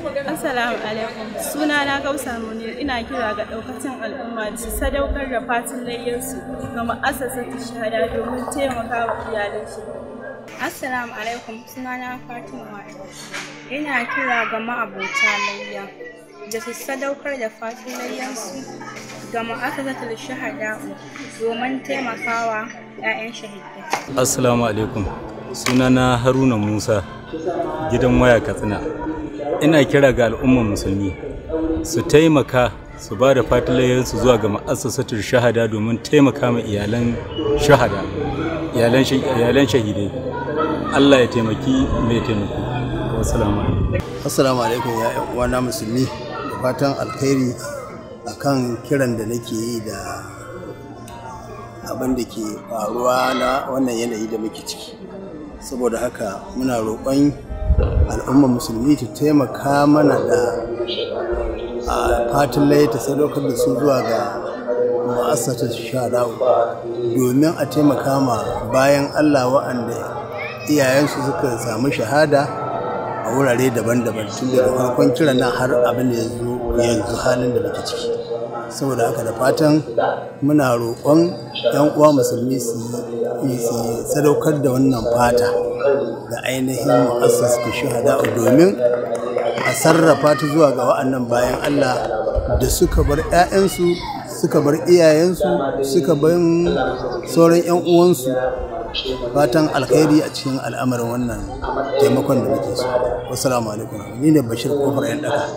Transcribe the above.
Assalamu alaikum. Suna na Gausa Munir ina kira ga daukacin al'umma da su sadaukar da fatin layyansu ga ma'asasar shahada domin taimaka wa iyalan shi. Assalamu alaikum. Suna na fatin wa'ayi. Ina kira ga ma'abota layya da su sadaukar da fatin layyansu ga ma'asasar shahada domin taimakawa 'ya'yan shahidai. Assalamu alaikum. na Haruna Musa gidan waya Katsina. ina kira ga al'ummar musulmi su taimaka su ba da su zuwa ga ma'assasatul shahada domin taimaka ma iyalan shahada iyalan shahidai allah ya taimaki mai taimako assalamu alaikum ya uwana musulmi da fatan alkhairi akan kiran da nake yi da abin da ke faruwa na wannan yanayi da muke ciki saboda haka muna roƙon al'ummar musulmi ta taimaka mana da fatan laye ta sadaukar da su zuwa ga ma'asata shara'u, domin a taimaka ma bayan allah wa'anda iyayensu suka samu shahada a wurare daban-daban tun daga farkon kiran nan har abin da ya zo yanzu halin da muke ciki saboda haka da fatan muna roƙon 'yan uwa musulmi su sadaukar da wannan fata da ainihin mu'assas ku shahada domin a sarrafa ta zuwa ga wa'annan bayan Allah da suka bar 'ya'yansu suka bar iyayensu suka bar sauran 'yan uwansu fatan alkhairi a cikin al'amarin wannan taimakon da muke so wasu alaikum ni ne bashir kofar 'yan daka